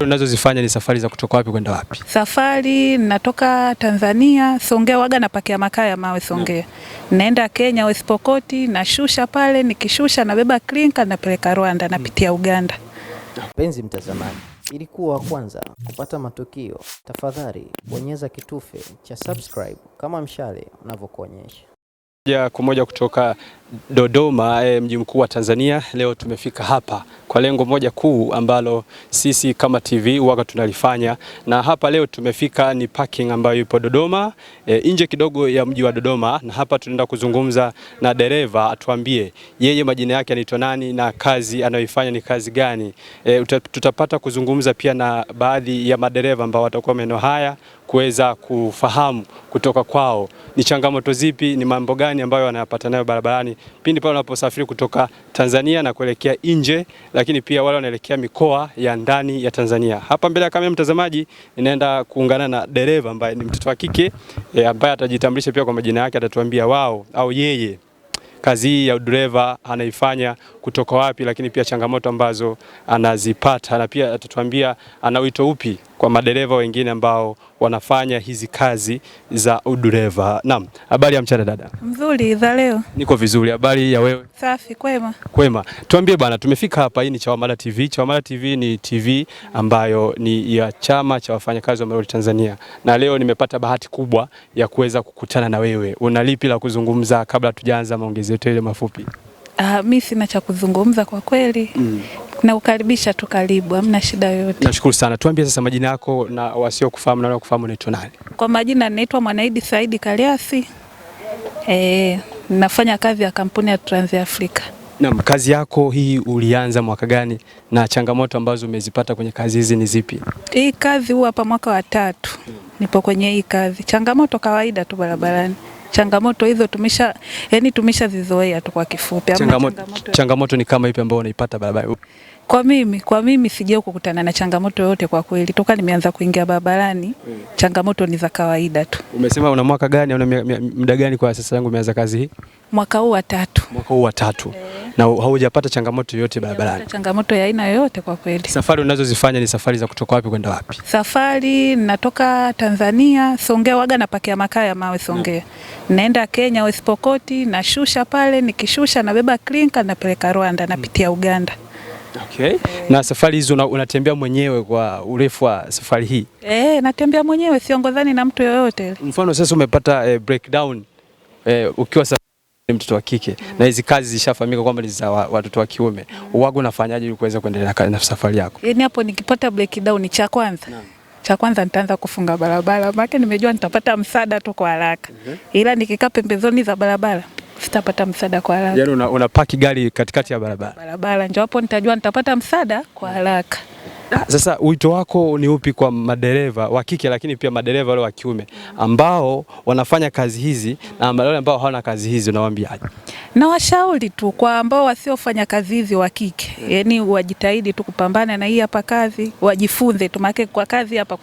Unazozifanya ni safari za kutoka wapi kwenda wapi? Safari natoka Tanzania Songea, waga na pakia makaa ya mawe Songea, naenda Kenya West Pokot, nashusha pale, nikishusha nabeba klinka napeleka Rwanda, napitia Uganda. Mpenzi mtazamaji, ili kuwa kwanza kupata matukio, tafadhali bonyeza kitufe cha subscribe kama mshale unavyokuonyesha. Moja kwa moja kutoka Dodoma, eh, mji mkuu wa Tanzania. Leo tumefika hapa kwa lengo moja kuu ambalo sisi kama TV waga tunalifanya, na hapa leo tumefika ni parking ambayo ipo Dodoma, e, nje kidogo ya mji wa Dodoma, na hapa tunaenda kuzungumza na dereva atuambie yeye majina yake anaitwa nani na kazi anayoifanya ni kazi gani. E, tutapata kuzungumza pia na baadhi ya madereva ambao watakuwa maeneo haya kuweza kufahamu kutoka kwao ni changamoto zipi, ni mambo gani ambayo wanayapata nayo barabarani pindi pale wanaposafiri kutoka Tanzania na kuelekea nje, lakini pia wale wanaelekea mikoa ya ndani ya Tanzania. Hapa mbele ya kamera, mtazamaji, ninaenda kuungana na dereva ambaye ni mtoto wa kike e, ambaye atajitambulisha pia kwa majina yake, atatuambia wao au yeye kazi hii ya udereva anaifanya kutoka wapi, lakini pia changamoto ambazo anazipata, na pia atatuambia ana wito upi kwa madereva wengine ambao wanafanya hizi kazi za udereva. Naam, habari ya mchana dada? Mzuri za leo. Niko vizuri, habari ya wewe? Safi, kwema. Kwema. Tuambie bwana, tumefika hapa, hii ni Chawamata TV. Chawamata TV ni TV ambayo ni ya chama cha wafanyakazi wa malori Tanzania, na leo nimepata bahati kubwa ya kuweza kukutana na wewe. Una lipi la kuzungumza kabla tujaanza maongezi yetu ile mafupi? Uh, mi sina cha kuzungumza kwa kweli mm ukaribisha tu, karibu, hamna shida yoyote. Nashukuru sana. Tuambie sasa majina yako na wasiokufahamu na wanaokufahamu, unaitwa nani? Kwa majina naitwa Mwanaidi Saidi Kaliasi. Eh, nafanya kazi ya kampuni ya Trans Africa. Naam, kazi yako hii ulianza mwaka gani na changamoto ambazo umezipata kwenye kazi hizi ni zipi? Hii kazi huwa hapa mwaka wa tatu nipo kwenye hii kazi. Changamoto kawaida tu barabarani changamoto hizo tumesha yani zizoea tu kwa kifupi. Changamoto, changamoto, changamoto ni kama ipi ambayo unaipata barabarani? Kwa mimi kwa mimi sijao kukutana na changamoto yoyote kwa kweli, toka nimeanza kuingia barabarani mm. changamoto ni za kawaida tu. Umesema una mwaka gani, una muda gani kwa sasa yangu umeanza kazi hii? Mwaka huu wa tatu. Mwaka huu wa tatu e. na haujapata changamoto yoyote barabarani? changamoto ya aina yoyote kwa kweli. Safari unazozifanya ni safari za kutoka wapi kwenda wapi? Safari natoka Tanzania Songea, waga napakia makaa ya mawe Songea no. naenda Kenya West Pokot, nashusha pale, nikishusha nabeba klinka napeleka Rwanda, napitia Uganda Okay. Na safari hizi unatembea mwenyewe kwa urefu wa safari hii? E, natembea mwenyewe siongozani na mtu yoyote. Mfano sasa umepata eh, breakdown eh, ukiwa safari mtoto wa kike mm. na hizi kazi zishafahamika kwamba ni za watoto wa kiume mm. wago unafanyaje ili kuweza kuendelea na safari yako? Yaani hapo nikipata breakdown cha kwanza na cha kwanza nitaanza kufunga barabara, maana nimejua nitapata msaada tu kwa haraka mm -hmm. ila nikikaa pembezoni za barabara sitapata msaada kwa haraka. Yaani unapaki una gari katikati ya barabara barabara, ndio hapo nitajua nitapata msaada kwa haraka. Ah, sasa wito wako ni upi kwa madereva wa kike, lakini pia madereva wale wa kiume ambao wanafanya kazi hizi na wale ambao hawana kazi hizi, unawaambiaje? Na washauri tu kwa ambao wasiofanya kazi hizi wa kike, yani wajitahidi tu kupambana na hii hapa kazi, wajifunze tu, maana kwa kazi hapa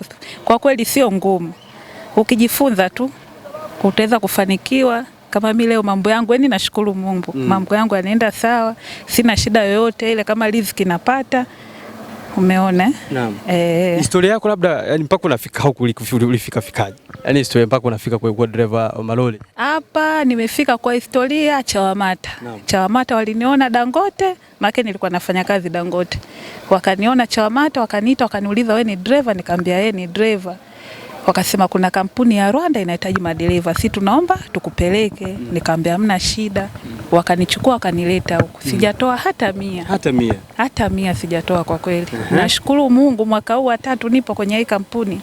kwa kweli sio ngumu, ukijifunza tu utaweza kufanikiwa kama mimi leo mambo yangu yani, nashukuru Mungu mm. mambo yangu yanaenda sawa, sina shida yoyote ile, kama riziki napata Umeona? Naam. Eh, historia yako labda yani mpaka unafika huku ulifika fikaje? Yaani historia mpaka unafika kwa kuwa wa malori. Hapa nimefika kwa historia Chawamata. Naam. Chawamata waliniona Dangote, maana nilikuwa nafanya kazi Dangote. Wakaniona Chawamata, wakaniita, wakaniuliza wewe ni driver? Nikamwambia yeye ni driver wakasema kuna kampuni ya Rwanda inahitaji madereva, si tunaomba tukupeleke. Mm. Nikaambia hamna shida, wakanichukua wakanileta huku, mm. sijatoa hata mia hata mia hata mia sijatoa kwa kweli. Nashukuru Mungu, mwaka huu watatu nipo kwenye hii kampuni.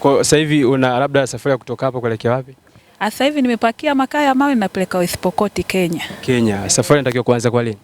Kwa sasa hivi una labda safari ya kutoka hapa kuelekea wapi? Sasa hivi nimepakia makaa ya mawe napeleka West Pokot Kenya. Kenya, safari inatakiwa kuanza kwa lini?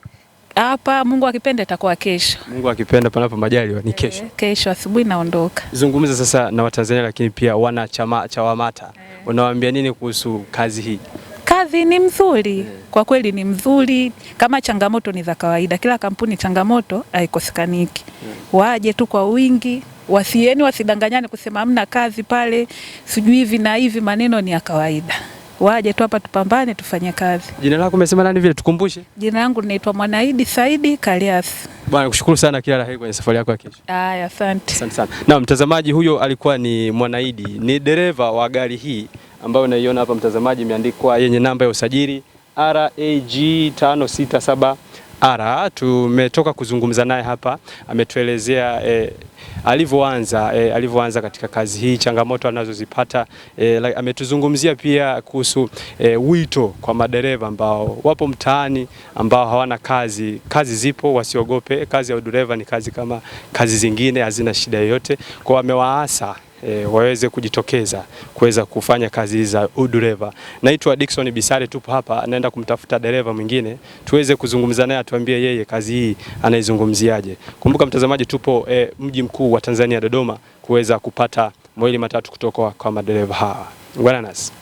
hapa, Mungu akipenda itakuwa kesho. Mungu akipenda, panapo majaliwa ni kesho. E, kesho asubuhi naondoka. Zungumza sasa na Watanzania, lakini pia wana chama cha Wamata e, unawaambia nini kuhusu kazi hii? Kazi ni mzuri eh. kwa kweli, ni mzuri kama changamoto ni za kawaida. Kila kampuni changamoto haikosekaniki, waje tu kwa wingi, wasieni wasidanganyane kusema hamna kazi pale, sijui hivi na hivi, maneno ni ya kawaida waje tu hapa tupambane, tufanye kazi. Jina lako umesema nani vile, tukumbushe? Jina langu linaitwa Mwanaidi Saidi Kaliasi. Bwana kushukuru sana, kila la heri kwenye safari yako ya kesho. Haya, asante. Asante sana. Na mtazamaji, huyo alikuwa ni Mwanaidi, ni dereva wa gari hii ambayo unaiona hapa mtazamaji, imeandikwa yenye namba ya usajili RAG 567 Ara tumetoka kuzungumza naye hapa, ametuelezea e, alivyoanza e, alivyoanza katika kazi hii, changamoto anazozipata e, ametuzungumzia pia kuhusu e, wito kwa madereva ambao wapo mtaani ambao hawana kazi. Kazi zipo, wasiogope. Kazi ya udereva ni kazi kama kazi zingine, hazina shida yoyote. Kwa amewaasa e, waweze kujitokeza kuweza kufanya kazi za udereva. Naitwa Dickson Bisare, tupo hapa, naenda kumtafuta dereva mwingine tuweze kuzungumza naye, atuambie yeye kazi hii anaizungumziaje. Kumbuka mtazamaji, tupo e, mji mkuu wa Tanzania Dodoma, kuweza kupata mawili matatu kutoka kwa madereva hawa. Bwana nasi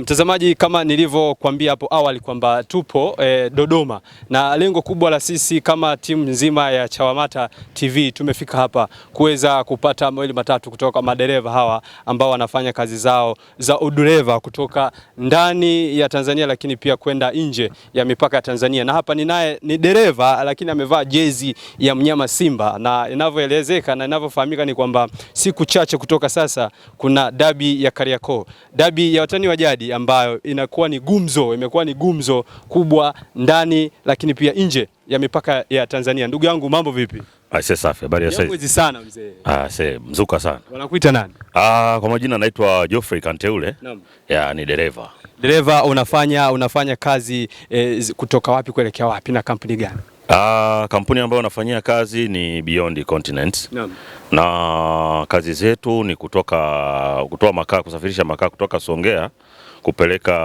Mtazamaji, kama nilivyokuambia hapo awali kwamba tupo e, Dodoma na lengo kubwa la sisi kama timu nzima ya Chawamata TV tumefika hapa kuweza kupata mawili matatu kutoka madereva hawa ambao wanafanya kazi zao za udereva kutoka ndani ya Tanzania, lakini pia kwenda nje ya mipaka ya Tanzania. Na hapa ninaye ni dereva, lakini amevaa jezi ya mnyama Simba, na inavyoelezeka na inavyofahamika ni kwamba siku chache kutoka sasa kuna dabi ya Kariakoo, dabi ya watani wa jadi ambayo inakuwa ni gumzo, imekuwa ni gumzo kubwa ndani lakini pia nje ya mipaka ya Tanzania. Ndugu yangu, mambo vipi? Aise, safi. Habari ya saizi sana mzee. Ah, sasa mzuka sana. Wanakuita nani? Ah, kwa majina naitwa Geoffrey Kanteule. Naam. Ya, ni dereva. Dereva, unafanya unafanya kazi eh, kutoka wapi kuelekea wapi na kampuni gani? Ah, kampuni ambayo nafanyia kazi ni Beyond Continent. Naam. Na kazi zetu ni kutoka kutoa makaa kusafirisha makaa kutoka Songea kupeleka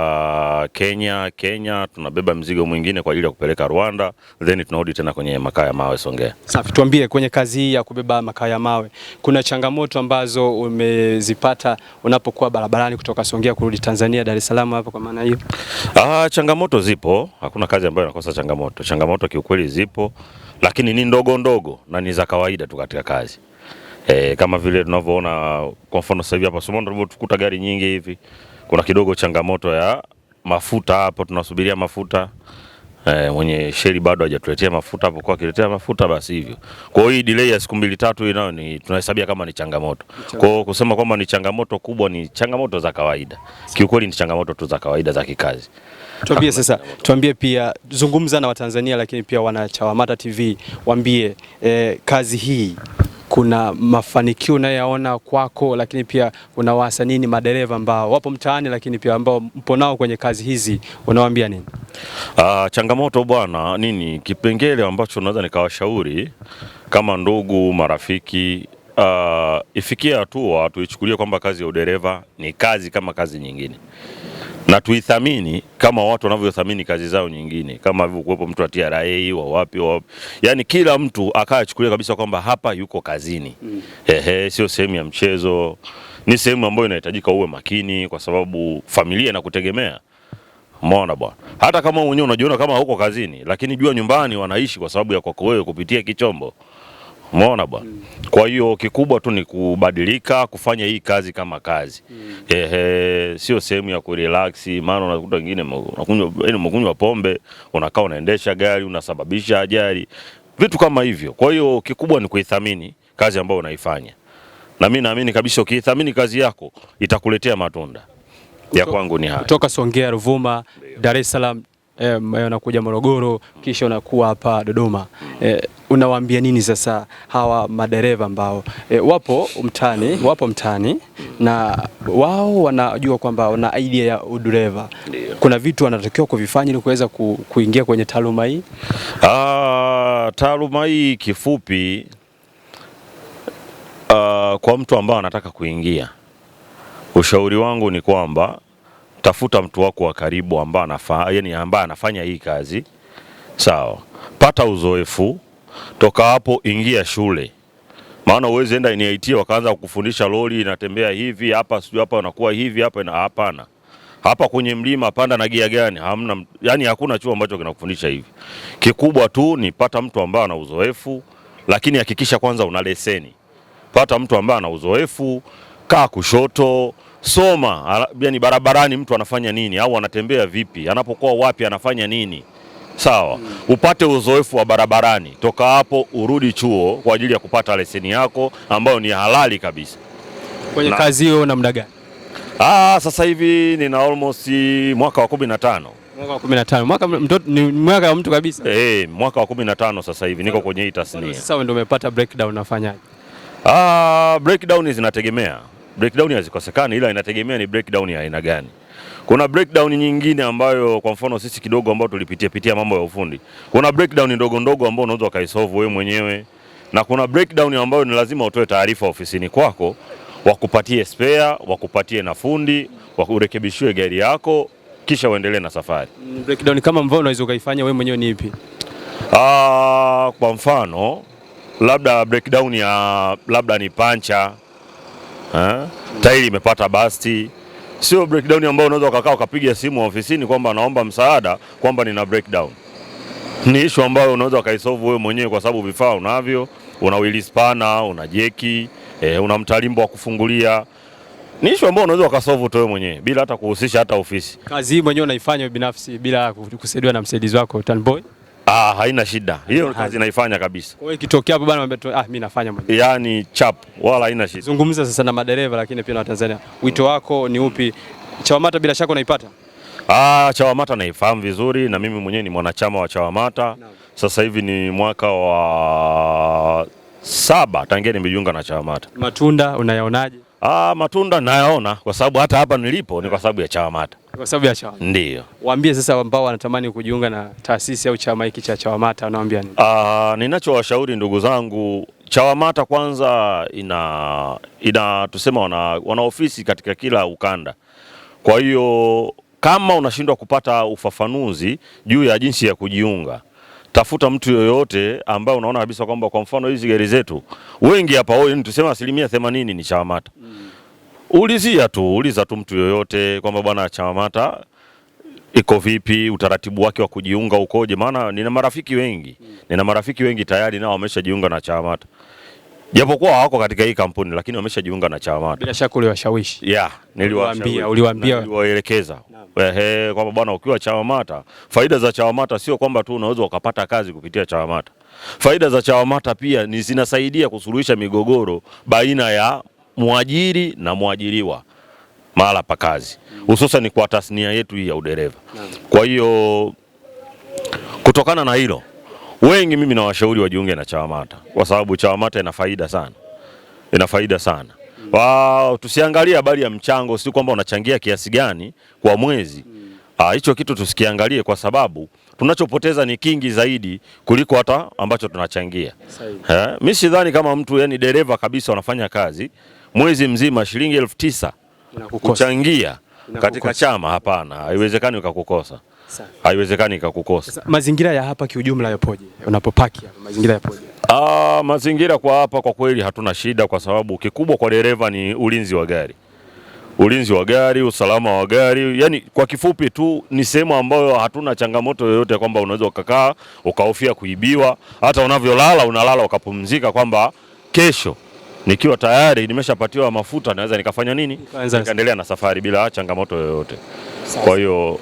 Kenya. Kenya tunabeba mzigo mwingine kwa ajili ya kupeleka Rwanda, then tunarudi tena kwenye makaa ya mawe Songea. Safi, tuambie kwenye kazi hii ya kubeba makaa ya mawe kuna changamoto ambazo umezipata unapokuwa barabarani kutoka Songea kurudi Tanzania Dar es Salaam hapo kwa maana hiyo? Ah, changamoto zipo, hakuna kazi ambayo inakosa changamoto. Changamoto kiukweli zipo, lakini ni ndogo ndogo na ni za kawaida tu katika kazi. E, kama vile tunavyoona kwa mfano sasa hivi hapa Somondo tukuta gari nyingi hivi kuna kidogo changamoto ya mafuta hapo, tunasubiria mafuta e, mwenye sheli bado hajatuletea mafuta hapo, kwa akiletea mafuta basi hivyo. Kwa hiyo hii delay ya siku mbili tatu hii nayo ni tunahesabia kama ni changamoto. Kwa hiyo kusema kwamba ni changamoto kubwa, ni changamoto za kawaida, kiukweli ni changamoto tu za kawaida za kikazi. Tuambie sasa, tuambie pia, zungumza na Watanzania, lakini pia wana CHAWAMATA TV, waambie eh, kazi hii kuna mafanikio unayoyaona kwako, lakini pia unawaasa nini madereva ambao wapo mtaani, lakini pia ambao mpo nao kwenye kazi hizi, unawaambia nini? Uh, changamoto bwana nini, kipengele ambacho naweza nikawashauri kama ndugu marafiki Uh, ifikie hatua tuichukulie kwamba kazi ya udereva ni kazi kama kazi nyingine na tuithamini kama watu wanavyothamini kazi zao nyingine, kama alivyokuwepo mtu wa TRA wa wapi wa wapi, yani kila mtu akaachukulia achukulia kabisa kwamba hapa yuko kazini mm. Ehe, sio sehemu ya mchezo, ni sehemu ambayo inahitajika uwe makini, kwa sababu familia inakutegemea. Umeona bwana, hata kama mwenyewe unajiona kama huko kazini, lakini jua nyumbani wanaishi kwa sababu ya kwako wewe kupitia kichombo. Umeona bwana mm. Kwa hiyo kikubwa tu ni kubadilika kufanya hii kazi kama kazi mm. Ehe, sio sehemu ya kurelax, maana unakuta wengine unakunywa yaani pombe unakaa unaendesha gari unasababisha ajali vitu kama hivyo. Kwa hiyo kikubwa ni kuithamini kazi ambayo unaifanya, na mimi naamini kabisa ukiithamini kazi yako itakuletea matunda. Ya kwangu ni haya. Kutoka Songea, Ruvuma, Dar es Salaam eh, unakuja Morogoro kisha unakuwa hapa Dodoma eh, unawaambia nini sasa hawa madereva ambao eh, wapo mtaani wapo mtaani na wao wanajua kwamba wana idea ya udereva, kuna vitu wanatakiwa kuvifanya ili kuweza ku, kuingia kwenye taaluma hii? Ah, taaluma hii kifupi Uh, kwa mtu ambaye anataka kuingia, ushauri wangu ni kwamba tafuta mtu wako wa karibu ambaye anafanya yani ambaye anafanya hii kazi sawa, pata uzoefu toka hapo, ingia shule, maana uweze enda NIT wakaanza kukufundisha lori inatembea hivi hapa, sijui hapa unakuwa hivi hapa, na hapana hapa kwenye mlima panda na gia gani? Hamna, yani hakuna chuo ambacho kinakufundisha hivi. Kikubwa tu ni pata mtu ambaye ana uzoefu, lakini hakikisha kwanza una leseni. Pata mtu ambaye ana uzoefu, kaa kushoto soma, yani barabarani mtu anafanya nini au anatembea vipi, anapokuwa wapi, anafanya nini, sawa hmm. Upate uzoefu wa barabarani, toka hapo urudi chuo kwa ajili ya kupata leseni yako ambayo ni halali kabisa. Kwenye na kazi hiyo namna gani? Ah, sasa hivi nina almost eh, mwaka wa kumi na tano mwaka wa 15 mwaka mtoto ni mwaka wa mtu kabisa eh, mwaka wa kumi na tano sasa hivi niko kwenye hii tasnia. Sasa ndio umepata breakdown, unafanyaje? Ah, breakdown zinategemea breakdown hazikosekani, ila inategemea ni breakdown ya aina gani. Kuna breakdown nyingine ambayo kwa mfano sisi kidogo ambao tulipitia pitia mambo ya ufundi, kuna breakdown ndogo ndogo ambao unaweza ukaisolve wewe mwenyewe, na kuna breakdown ambayo ni lazima utoe taarifa ofisini kwako, wakupatie spare, wakupatie na fundi, wakurekebishiwe gari yako, kisha uendelee na safari. Breakdown kama mvua unaweza ukaifanya wewe mwenyewe ni ipi? Ah, kwa mfano labda breakdown ya labda ni pancha Tairi imepata basti, sio breakdown ambayo unaweza ukakaa ukapiga simu ofisini kwamba naomba msaada kwamba nina breakdown. Ni ishu ambayo unaweza ukaisolve wewe mwenyewe kwa sababu vifaa unavyo, una wheel spanner, una jeki eh, una mtalimbo wa kufungulia ni ishu ambayo unaweza ukasolve wewe mwenyewe bila hata kuhusisha hata ofisi. Kazi hii mwenyewe unaifanya binafsi bila kusaidiwa na msaidizi wako Tanboy? Ah, haina shida hiyo, kazi naifanya kabisa. Kwa hiyo ikitokea hapo bana, ah, mimi nafanya mwenyewe, yaani chap, wala haina shida. Zungumza sasa na madereva, lakini pia na Watanzania, wito wako ni upi? Chawamata bila shaka unaipata. Ah, Chawamata naifahamu vizuri na mimi mwenyewe ni mwanachama wa Chawamata. Sasa hivi ni mwaka wa saba tangia nimejiunga na Chawamata. Matunda unayaonaje? Ah, matunda nayaona kwa sababu hata hapa nilipo ni kwa sababu ya Chawamata. Kwa sababu ya Chawamata. Ndio. Waambie sasa ambao wanatamani kujiunga na taasisi au chama hiki cha Chawamata wanawaambia nini? Ah, ninachowashauri ndugu zangu, Chawamata kwanza ina ina tusema wana, wana ofisi katika kila ukanda. Kwa hiyo kama unashindwa kupata ufafanuzi juu ya jinsi ya kujiunga tafuta mtu yoyote ambaye unaona kabisa kwamba kwa mfano hizi gari zetu wengi hapa wao tuseme asilimia themanini ni CHAWAMATA. Mm. Ulizia tu, uliza tu mtu yoyote kwamba bwana CHAWAMATA iko vipi, utaratibu wake wa kujiunga ukoje? Maana nina marafiki wengi, mm. nina marafiki wengi tayari nao wameshajiunga na CHAWAMATA japokuwa hawako katika hii kampuni lakini wameshajiunga na CHAWAMATA. Bila shaka uliwashawishi. Yeah, niliwaambia, uliwaambia, niliwaelekeza. Ehe, kwamba bwana ukiwa CHAWAMATA, faida za CHAWAMATA sio kwamba tu unaweza ukapata kazi kupitia CHAWAMATA. Faida za CHAWAMATA pia ni zinasaidia kusuluhisha migogoro baina ya mwajiri na mwajiriwa mahala pa kazi, hususan kwa tasnia yetu hii ya udereva. Kwa hiyo kutokana na hilo wengi mimi nawashauri wajiunge na Chawamata kwa sababu Chawamata ina faida sana, ina faida sana. Wow, tusiangalie habari ya mchango, si kwamba unachangia kiasi gani kwa mwezi ah, hicho kitu tusikiangalie, kwa sababu tunachopoteza ni kingi zaidi kuliko hata ambacho tunachangia. Eh, mimi sidhani kama mtu yani dereva kabisa, wanafanya kazi mwezi mzima shilingi elfu tisa kuchangia katika chama hapana, haiwezekani ukakukosa, haiwezekani ikakukosa. Mazingira ya hapa kiujumla yapoje? Unapopaki hapa mazingira yapoje? Ah, mazingira kwa hapa kwa kweli hatuna shida, kwa sababu kikubwa kwa dereva ni ulinzi wa gari, ulinzi wa gari, usalama wa gari. Yani kwa kifupi tu ni sehemu ambayo hatuna changamoto yoyote kwamba unaweza ukakaa ukahofia kuibiwa. Hata unavyolala unalala ukapumzika kwamba kesho nikiwa tayari nimeshapatiwa mafuta naweza nikafanya nini, nikaendelea na safari bila changamoto yoyote. Kwa hiyo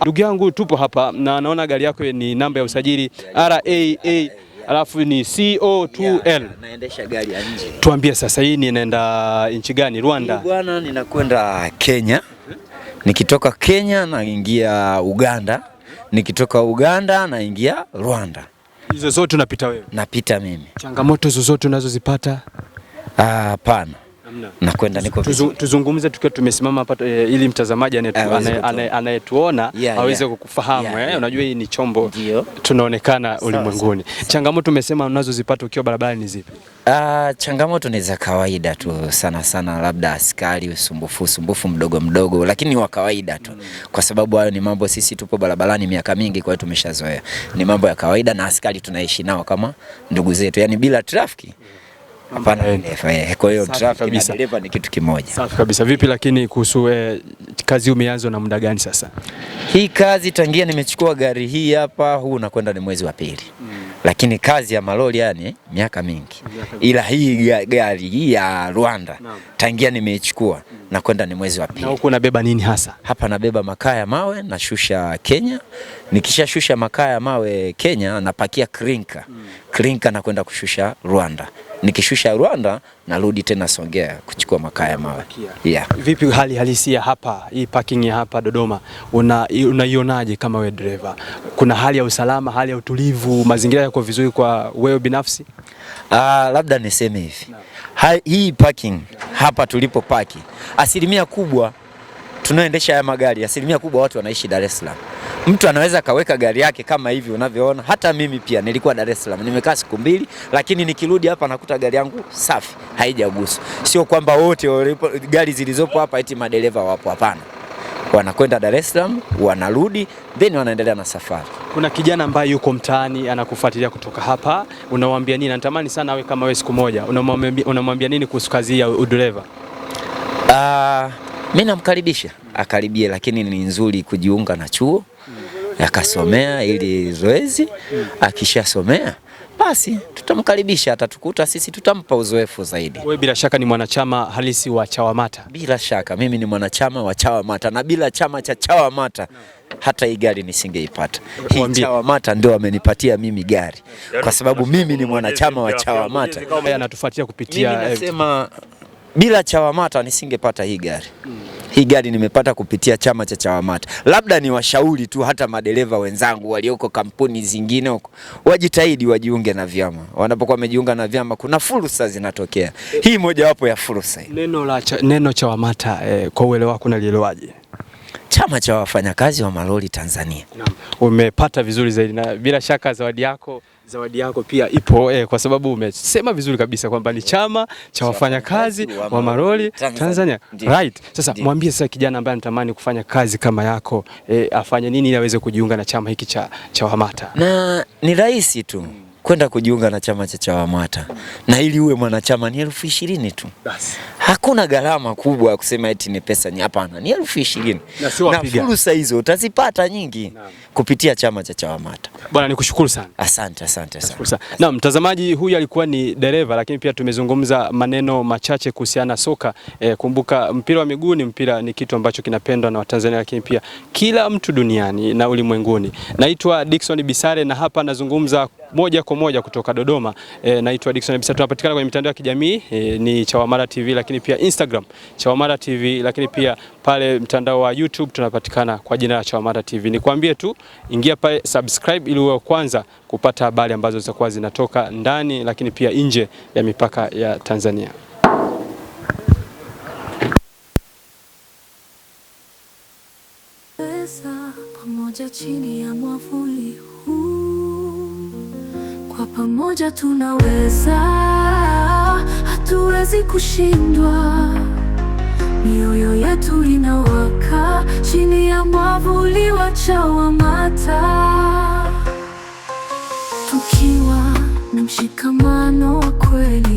ndugu yangu, tupo hapa na naona gari yako ni namba ya usajili RAA alafu ni CO2L. Naendesha gari ya nje. Tuambie sasa, hii ninaenda nchi gani? Rwanda bwana, ninakwenda Kenya, nikitoka Kenya naingia Uganda, nikitoka Uganda naingia Rwanda. Hizo zote unapita wewe? Napita mimi. Changamoto zozote unazozipata? Hapana, Na kwenda niko tuzu, tuzungumze tukiwa tumesimama hapa e, ili mtazamaji anayetuona yeah, aweze yeah, kukufahamu yeah, eh, Unajua hii ni chombo Dio, tunaonekana ulimwenguni. Changamoto umesema unazozipata ukiwa barabarani ni zipi? Ah, changamoto ni za kawaida tu sana sana, labda askari, usumbufu usumbufu mdogo mdogo, lakini ni wa kawaida tu, hmm. kwa sababu hayo ni mambo, sisi tupo barabarani miaka mingi, kwa hiyo tumeshazoea, ni mambo ya kawaida, na askari tunaishi nao kama ndugu zetu, yani bila trafiki hmm. Hapana, wewe ni Kwa hiyo traffic na dereva ni kitu kimoja. Safi kabisa. Vipi lakini kuhusu eh, kazi umeanza na muda gani sasa? Hii kazi tangia nimechukua gari hii hapa, huu mm. mm. nakwenda ni mwezi wa pili. Lakini kazi ya malori yani miaka mingi. ila hii gari hii ya Rwanda na tangia nimeichukua na nakwenda ni mwezi wa pili. Na huko nabeba nini hasa? Hapa nabeba makaa ya mawe nashusha Kenya. Nikishashusha makaa ya mawe Kenya napakia krinka. krinka na nakwenda kushusha Rwanda nikishusha Rwanda narudi tena Songea kuchukua makaa ya mawe. Yeah. Vipi hali ya hapa, hii parking ya hapa Dodoma unaionaje? Una kama wewe dereva, kuna hali ya usalama, hali ya utulivu, mazingira yako vizuri kwa wewe binafsi? Uh, labda niseme hivi no. hii parking hapa tulipo paki asilimia kubwa tunaoendesha haya magari asilimia kubwa watu wanaishi Dar es Salaam. Mtu anaweza kaweka gari yake kama hivi unavyoona. Hata mimi pia nilikuwa Dar es Salaam, nimekaa siku mbili, lakini nikirudi hapa nakuta gari yangu safi, haijaguswa. Sio kwamba wote gari zilizopo hapa eti madereva wapo, hapana. Wanakwenda Dar es Salaam, wanarudi, then wanaendelea na safari. Kuna kijana ambaye yuko mtaani anakufuatilia kutoka hapa, unamwambia nini? Natamani sana awe kama wewe siku moja, unamwambia nini kuhusu kazi ya udereva? uh, mimi namkaribisha akaribie, lakini ni nzuri kujiunga na chuo akasomea ili zoezi, akishasomea basi tutamkaribisha, atatukuta sisi, tutampa uzoefu zaidi. Wewe bila shaka ni mwanachama halisi wa Chawamata? Bila shaka mimi ni mwanachama wa Chawamata, na bila chama cha Chawamata hata hii gari nisingeipata. Hii Chawamata ndio amenipatia mimi gari, kwa sababu mimi ni mwanachama wa Chawamata. Anatufuatia kupitia, nasema bila Chawamata nisingepata hii gari. Hmm hii gari nimepata kupitia chama cha Chawamata. Labda ni washauri tu hata madereva wenzangu walioko kampuni zingine huko wajitahidi wajiunge na vyama. Wanapokuwa wamejiunga na vyama, kuna fursa zinatokea. Hii mojawapo ya fursa. Neno la cha, neno Chawamata eh, kwa uelewa wako unalielewaje? Chama cha wafanyakazi wa malori Tanzania. Naam. Umepata vizuri zaidi na bila shaka zawadi yako Zawadi yako pia ipo eh, kwa sababu umesema vizuri kabisa kwamba ni chama cha wafanyakazi wa maroli Tanzania. Right. Sasa mwambie sasa kijana ambaye anatamani kufanya kazi kama yako eh, afanye nini ili aweze kujiunga na chama hiki cha, cha Wamata? Na ni rahisi tu kwenda kujiunga na chama cha CHAWAMATA na ili uwe mwanachama ni elfu ishirini tu. Hakuna gharama kubwa ya kusema eti ni pesa ni hapana, ni elfu ishirini na fursa hizo utazipata nyingi na kupitia chama cha CHAWAMATA. Bwana nikushukuru sana. Asante, asante, sana. Asante. Na mtazamaji huyu alikuwa ni dereva, lakini pia tumezungumza maneno machache kuhusiana soka. E, kumbuka mpira wa miguu ni mpira, ni kitu ambacho kinapendwa na Watanzania, lakini pia kila mtu duniani na ulimwenguni. Naitwa Dickson Bisare na hapa nazungumza moja kwa moja kutoka Dodoma. E, naitwa Dickson Bisa, tunapatikana kwenye mitandao ya kijamii e, ni Chawamata TV, lakini pia Instagram Chawamata TV, lakini pia pale mtandao wa YouTube tunapatikana kwa jina la Chawamata TV. Nikwambie tu ingia pale subscribe, ili uwe kwanza kupata habari ambazo zitakuwa zinatoka ndani, lakini pia nje ya mipaka ya Tanzania. Pamoja chini ya mwavuli pamoja tunaweza, hatuwezi kushindwa. Mioyo yetu inawaka chini ya mwavuli wa CHAWAMATA, tukiwa na mshikamano wa kweli